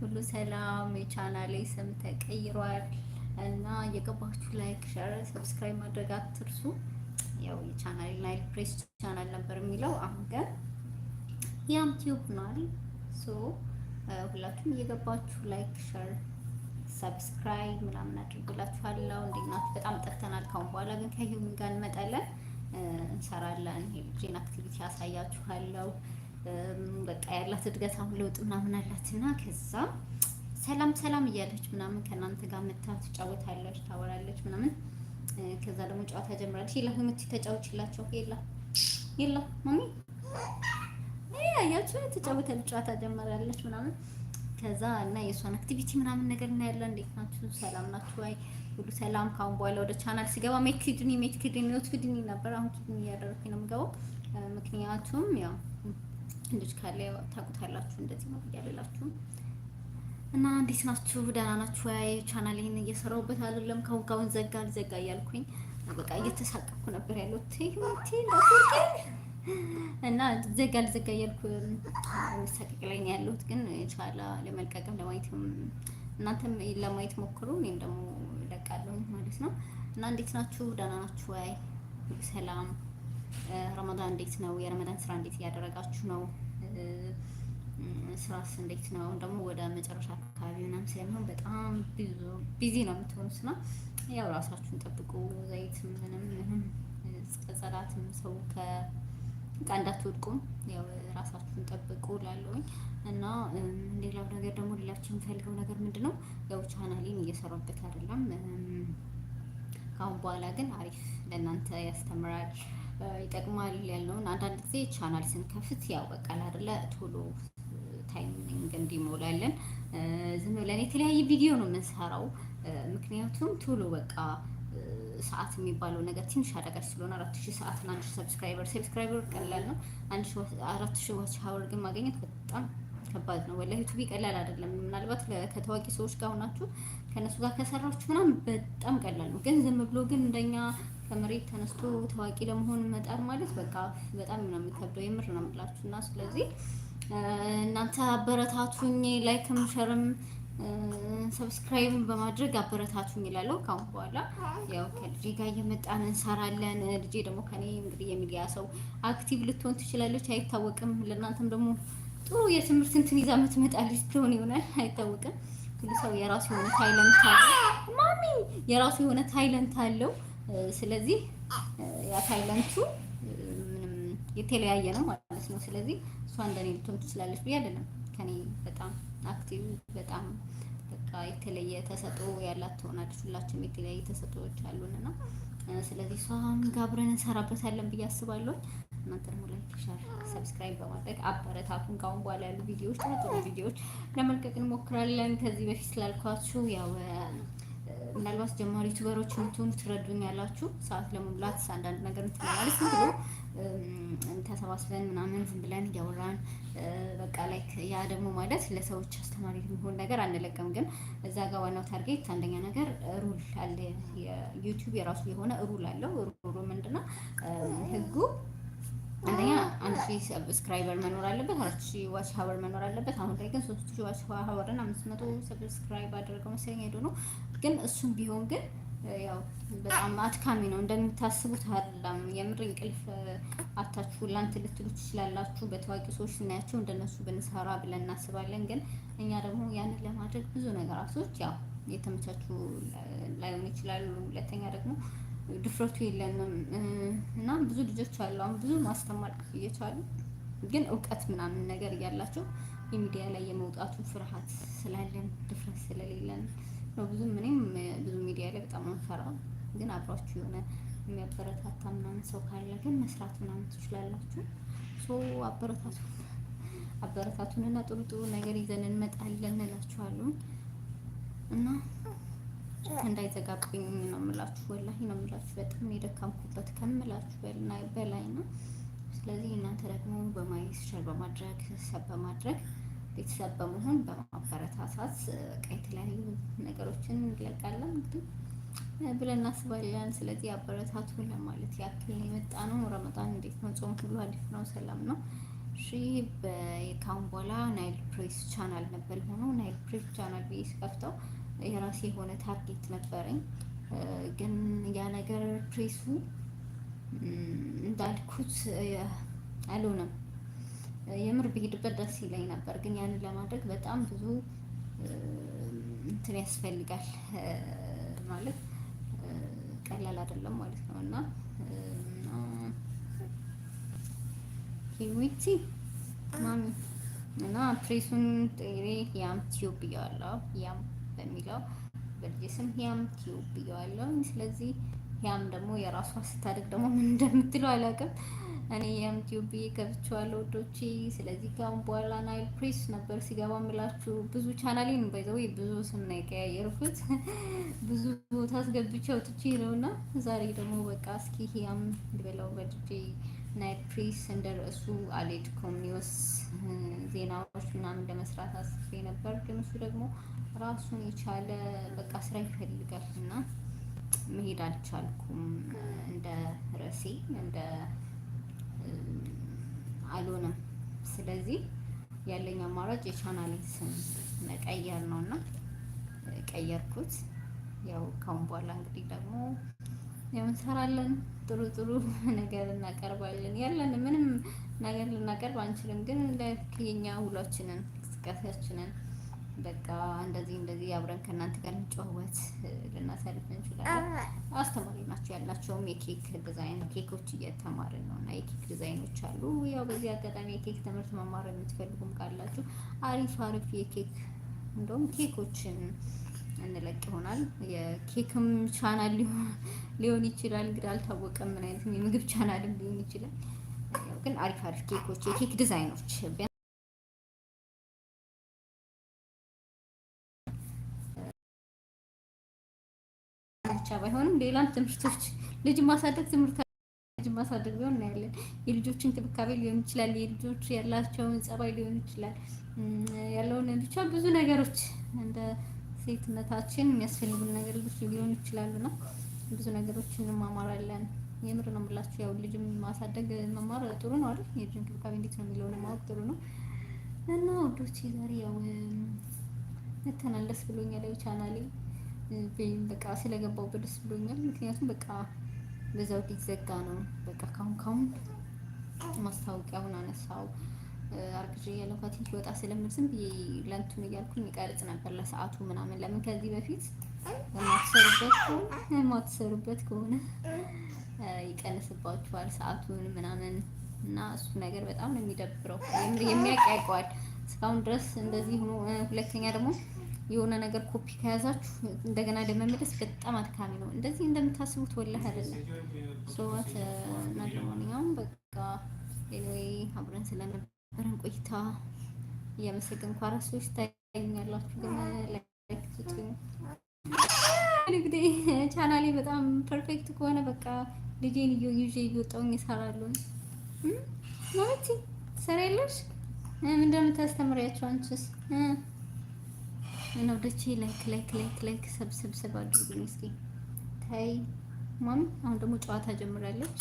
ሁሉ ሰላም። የቻናሌ ስም ተቀይሯል እና የገባችሁ ላይክ፣ ሸር፣ ሰብስክራይብ ማድረግ አትርሱ። ያው የቻናሌ ናይል ፕሬስ ቻናል ነበር የሚለው አሁን ግን ያም ቲዩብ ሆኗል። ሶ ሁላችሁም እየገባችሁ ላይክ፣ ሸር፣ ሰብስክራይብ ምናምን አድርጉላችኋለሁ። እንዴት በጣም ጠፍተናል። ካሁን በኋላ ግን ከህይወት ጋር እንመጣለን፣ እንሰራለን። ይሄ ልጄን አክቲቪቲ ያሳያችኋለሁ። በቃ ያላት እድገት አሁን ለውጥ ምናምን አላት እና ከዛ ሰላም ሰላም እያለች ምናምን ከእናንተ ጋር መታ ትጫወታለች፣ ታወራለች ምናምን። ከዛ ደግሞ ጨዋታ ጀምራለች። የላ ምት ተጫውችላቸው የላ የላ ማሚ ያያችሁ ተጫወታለች፣ ጨዋታ ጀምራለች ምናምን። ከዛ እና የእሷን አክቲቪቲ ምናምን ነገር እናያለን። እንዴት ናችሁ? ሰላም ናችሁ ወይ? ሁሉ ሰላም። ካሁን በኋላ ወደ ቻናል ሲገባ ሜት ኪድኒ ሜት ኪድኒ ኖት ኪድኒ ነበር። አሁን ኪድኒ እያደረኩኝ ነው የምገባው፣ ምክንያቱም ያው ልጅ ካለ ታውቁታላችሁ። እንደዚህ ነው ብያለላችሁም እና እንዴት ናችሁ? ደህና ናችሁ? ያየ ቻናሌን እየሰራሁበት አይደለም። ካሁን ካሁን ዘጋ አልዘጋ እያልኩኝ በቃ እየተሳቀኩ ነበር ያለው ቴቴ እና ዘጋ አልዘጋ እያልኩ መሳቀቅ ላይ ነው ያለሁት። ግን ቻላ ለመልቀቅም ለማየትም እናንተም ለማየት ሞክሩ፣ እኔም ደግሞ እለቃለሁኝ ማለት ነው። እና እንዴት ናችሁ? ደህና ናችሁ? ያይ ሰላም ረመዳን እንዴት ነው? የረመዳን ስራ እንዴት እያደረጋችሁ ነው? ስራስ እንዴት ነው? ደግሞ ወደ መጨረሻ አካባቢ ምናምን ስለሚሆን በጣም ብዙ ቢዚ ነው የምትሆኑት እና ያው ራሳችሁን ጠብቁ። ዘይት ምንም ምንም ጸጸላትም ሰው ከቃ እንዳትወድቁም ያው ራሳችሁን ጠብቁ ላለውኝ እና ሌላው ነገር ደግሞ ሌላችን የምፈልገው ነገር ምንድን ነው ያው ቻናሌን እየሰራበት አይደለም። ከአሁን በኋላ ግን አሪፍ ለእናንተ ያስተምራል ይጠቅማል ያለውን አንዳንድ ጊዜ ቻናል ስንከፍት ያው በቃል አይደለ ቶሎ ታይሚንግ እንዲሞላለን ዝም ብለን የተለያየ ቪዲዮ ነው የምንሰራው። ምክንያቱም ቶሎ በቃ ሰዓት የሚባለው ነገር ትንሽ አዳጋች ስለሆነ አራት ሺህ ሰዓትን አንድ ሺህ ሰብስክራይበር ሰብስክራይበር ቀላል ነው። አንድ ሺህ አራት ሺህ ዋች ሀወር ግን ማግኘት በጣም ከባድ ነው ወላሂ። ዩቱብ ቀላል አይደለም። ምናልባት ከታዋቂ ሰዎች ጋር ሆናችሁ ከእነሱ ጋር ከሰራችሁ ምናምን በጣም ቀላል ነው። ግን ዝም ብሎ ግን እንደኛ ከመሬት ተነስቶ ታዋቂ ለመሆን መጣር ማለት በቃ በጣም ነው የሚከብደው። የምር ነው የምላችሁ። እና ስለዚህ እናንተ አበረታቱኝ፣ ላይክም ሸርም ሰብስክራይብን በማድረግ አበረታቱኝ ይላለው። ካሁን በኋላ ያው ከልጄ ጋር እየመጣን እንሰራለን። ልጄ ደግሞ ከኔ እንግዲህ የሚዲያ ሰው አክቲቭ ልትሆን ትችላለች፣ አይታወቅም። ለእናንተም ደግሞ ጥሩ የትምህርት እንትን ይዛ የምትመጣ ትሆን ይሆናል አይታወቅም። ግን ሰው የራሱ የሆነ ታይለንት አለው፣ ማሚ የራሱ የሆነ ታይለንት አለው። ስለዚህ ያ ታይለንቱ ምንም የተለያየ ነው ማለት ነው። ስለዚህ እሷ እንደኔ ልትሆን ትችላለች ብዬ አይደለም። ከኔ በጣም አክቲቭ በጣም በቃ የተለየ ተሰጥኦ ያላት ትሆናለች። ሁላችንም የተለያየ ተሰጥኦዎች አሉንና ስለዚህ እሷም ጋር አብረን እንሰራበታለን ብዬ አስባለሁ። እናንተ ደግሞ ላይክ፣ ሼር፣ ሰብስክራይብ በማድረግ አበረታቱን። ከአሁን በኋላ ያሉ ቪዲዮዎች ጥሩ ቪዲዮዎች ለመልቀቅ እንሞክራለን። ከዚህ በፊት ስላልኳችሁ ያው ምናልባት ጀማሪ ዩቲዩበሮች ምትሆኑ ትረዱኝ ያላችሁ ሰዓት ለመሙላት አንዳንድ ነገር ምትላለች ዝም ብሎ ተሰባስበን ምናምን ዝም ብለን እያወራን በቃ ላይክ ያ ደግሞ ማለት ለሰዎች አስተማሪ የሚሆን ነገር አንለቅም። ግን እዛ ጋር ዋናው ታርጌት አንደኛ ነገር ሩል አለ። ዩቲዩብ የራሱ የሆነ ሩል አለው። ሩሉ ምንድነው ህጉ? አንደኛ አንድ ሺህ ሰብስክራይበር መኖር አለበት፣ አራት ሺህ ዋች ሀወር መኖር አለበት። አሁን ላይ ግን ሶስት ሺህ ዋች ሀወር አምስት መቶ ሰብስክራይብ አድርገው መሰለኝ ሄዶ ነው። ግን እሱም ቢሆን ግን ያው በጣም አድካሚ ነው እንደምታስቡት አይደለም። የምር እንቅልፍ አታችሁ ላንት ልትሉ ትችላላችሁ። በታዋቂ ሰዎች ስናያቸው እንደነሱ ብንሰራ ብለን እናስባለን። ግን እኛ ደግሞ ያንን ለማድረግ ብዙ ነገራቶች ያው የተመቻቹ ላይሆን ይችላሉ። ሁለተኛ ደግሞ ድፍረቱ የለንም እና ብዙ ልጆች አሉ አሁን ብዙ ማስተማር እየቻሉ ግን እውቀት ምናምን ነገር እያላቸው የሚዲያ ላይ የመውጣቱ ፍርሃት ስላለን ድፍረት ስለሌለን ነው። ብዙም እኔም ብዙ ሚዲያ ላይ በጣም አንፈራ፣ ግን አብሯችሁ የሆነ የሚያበረታታ ምናምን ሰው ካለ ግን መስራት ምናምን ትችላላችሁ። አበረታቱ አበረታቱንና ጥሩ ጥሩ ነገር ይዘን እንመጣለን እላችኋለሁ እና እንዳይዘጋብኝ ነው የምላችሁ። ወላሂ ነው የምላችሁ። በጣም የደከምኩበት ከምላችሁ በላይ ነው። ስለዚህ እናንተ ደግሞ በማየት ሸር በማድረግ ሰብ በማድረግ ቤተሰብ በመሆን በማበረታታት የተለያዩ ነገሮችን እንለቃለን እንግዲህ ብለን እናስባለን። ስለዚህ አበረታቱ ለማለት ያክል የመጣ ነው። ረመጣን እንዴት ነው? ጾም ሁሉ አሪፍ ነው፣ ሰላም ነው። እሺ በካምቦላ ናይል ፕሬስ ቻናል ነበር የሆነው ናይል ፕሬስ ቻናል ብዬ ስከፍተው የራሴ የሆነ ታርጌት ነበረኝ። ግን ያ ነገር ፕሬሱ እንዳልኩት አልሆነም። የምር ብሄድበት ደስ ይለኝ ነበር፣ ግን ያንን ለማድረግ በጣም ብዙ እንትን ያስፈልጋል ማለት ቀላል አይደለም ማለት ነው። እና ሂዊቲ ማሚ እና ፕሬሱን ጤሬ ያም ቲዩብ ብያለሁ ያም በሚለው በልጄ ስም ሂያም ቲዩብ ብየዋለሁ። ስለዚህ ሂያም ደግሞ የራሷ ስታድግ ደግሞ ምን እንደምትለው አላውቅም። እኔ ሂያም ቲዩብ ብዬ ገብቼዋለሁ ውዶቼ። ስለዚህ ከአሁን በኋላ ናይል ፕሪስ ነበር ሲገባ ምላችሁ ብዙ ቻናሌን ባይዘው ብዙ ስም ነው የቀያየርኩት ብዙ ቦታ አስገብቼ አውጥቼ ነው እና ዛሬ ደግሞ በቃ እስኪ ሂያም ልበለው በልጄ ናይት ፕሪስ እንደ ርዕሱ አልሄድኩም ኒውስ ዜናዎች ምናምን ለመስራት አስቤ ነበር፣ ግን እሱ ደግሞ ራሱን የቻለ በቃ ስራ ይፈልጋል እና መሄድ አልቻልኩም። እንደ ርዕሴ እንደ አልሆነም። ስለዚህ ያለኝ አማራጭ የቻናሌን ስም መቀየር ነው እና ቀየርኩት። ያው ካሁን በኋላ እንግዲህ ደግሞ ያው እንሰራለን፣ ጥሩ ጥሩ ነገር እናቀርባለን። ያለን ምንም ነገር ልናቀርብ አንችልም፣ ግን ለክየኛ ውሏችንን እንቅስቃሴያችንን በቃ እንደዚህ እንደዚህ አብረን ከእናንተ ጋር እንጨዋወት ልናሳልፍ እንችላለን። አስተማሪ ናቸው ያላቸውም የኬክ ዲዛይን ኬኮች እየተማርን ነው እና የኬክ ዲዛይኖች አሉ። ያው በዚህ አጋጣሚ የኬክ ትምህርት መማር የምትፈልጉም ካላችሁ አሪፍ አሪፍ የኬክ እንደውም ኬኮችን እንለቅ ይሆናል የኬክም ቻናል ሊሆን ሊሆን ይችላል። እንግዲህ አልታወቀም። ምን አይነት የምግብ ቻናልም ሊሆን ይችላል። ግን አሪፍ አሪፍ ኬኮች፣ የኬክ ዲዛይኖች ብቻ ባይሆንም ሌላም ትምህርቶች ልጅ ማሳደግ ትምህርት ልጅ ማሳደግ ቢሆን እናያለን። የልጆች እንክብካቤ ሊሆን ይችላል። የልጆች ያላቸውን ጸባይ ሊሆን ይችላል። ያለውን ብቻ ብዙ ነገሮች እንደ ሴትነታችን የሚያስፈልጉን ነገር ሊሆን ይችላሉ ነው ብዙ ነገሮችን እንማማራለን። የምር ነው የምላችሁ። ያው ልጅም ማሳደግ መማር ጥሩ ነው አይደል? የልጅ እንክብካቤ እንዴት ነው የሚለውን ማወቅ ጥሩ ነው። እና ወዶች ዛሬ ያው መተናለስ ብሎኛል። ያው ቻናሌ በቃ ስለገባው በደስ ብሎኛል። ምክንያቱም በቃ በዛው ሊዘጋ ነው። በቃ ካሁን ካሁን ማስታወቂያውን አነሳው አርግዤ ያለኳት ወጣ ስለምል ዝም ብዬ ለእንትኑ እያልኩኝ ቀርጽ ነበር ለሰዓቱ ምናምን ለምን ከዚህ በፊት የማትሰሩበት ከሆነ ይቀንስባችኋል ሰዓቱን ምናምን እና እሱ ነገር በጣም ነው የሚደብረው። የሚያውቅ ያውቀዋል እስካሁን ድረስ እንደዚህ ሆኖ፣ ሁለተኛ ደግሞ የሆነ ነገር ኮፒ ከያዛችሁ እንደገና ለመመለስ በጣም አድካሚ ነው። እንደዚህ እንደምታስቡት ወላህ አይደለም። ሶዋት እና ለማንኛውም በቃ ኤኒዌይ አብረን ስለነበረን ቆይታ እያመሰገንኩ አራሶች ታገኛላችሁ ግን ላይክ እንግዲህ ቻናሌ በጣም ፐርፌክት ከሆነ በቃ ልጄን እየ ይዤ እየወጣሁኝ እሰራለሁ። ማለት ትሰሪያለሽ? ምንድን ነው አንቺስ? እና ወደቼ ላይክ ላይክ ላይክ ላይክ ሰብስብስብ አድርጉኝ እስኪ። ታይ ማሚ አሁን ደግሞ ጨዋታ ጀምራለች።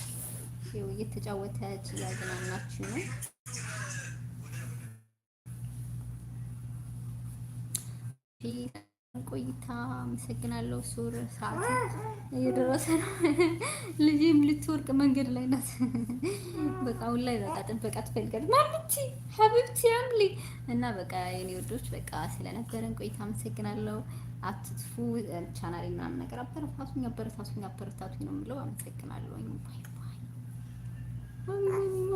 ይኸው እየተጫወተች እያዝናናችሁ ነው። ፒስ ቆይታ አመሰግናለሁ። ሱር ሰዓት እየደረሰ ነው። ልጅም ልትወርቅ መንገድ ላይ ናት። በቃ አሁን ላይ በቃ ጥበቃ ትፈልጋል ማለት ሀቢብቲ አምሊ እና በቃ የኔ ወዶች በቃ ስለነበረን ቆይታ አመሰግናለሁ። አትጥፉ ቻናሌ ምናምን ነገር አበረታቱኝ፣ አበረታቱኝ፣ አበረታቱኝ ነው የምለው። አመሰግናለሁ። ባይ ባይ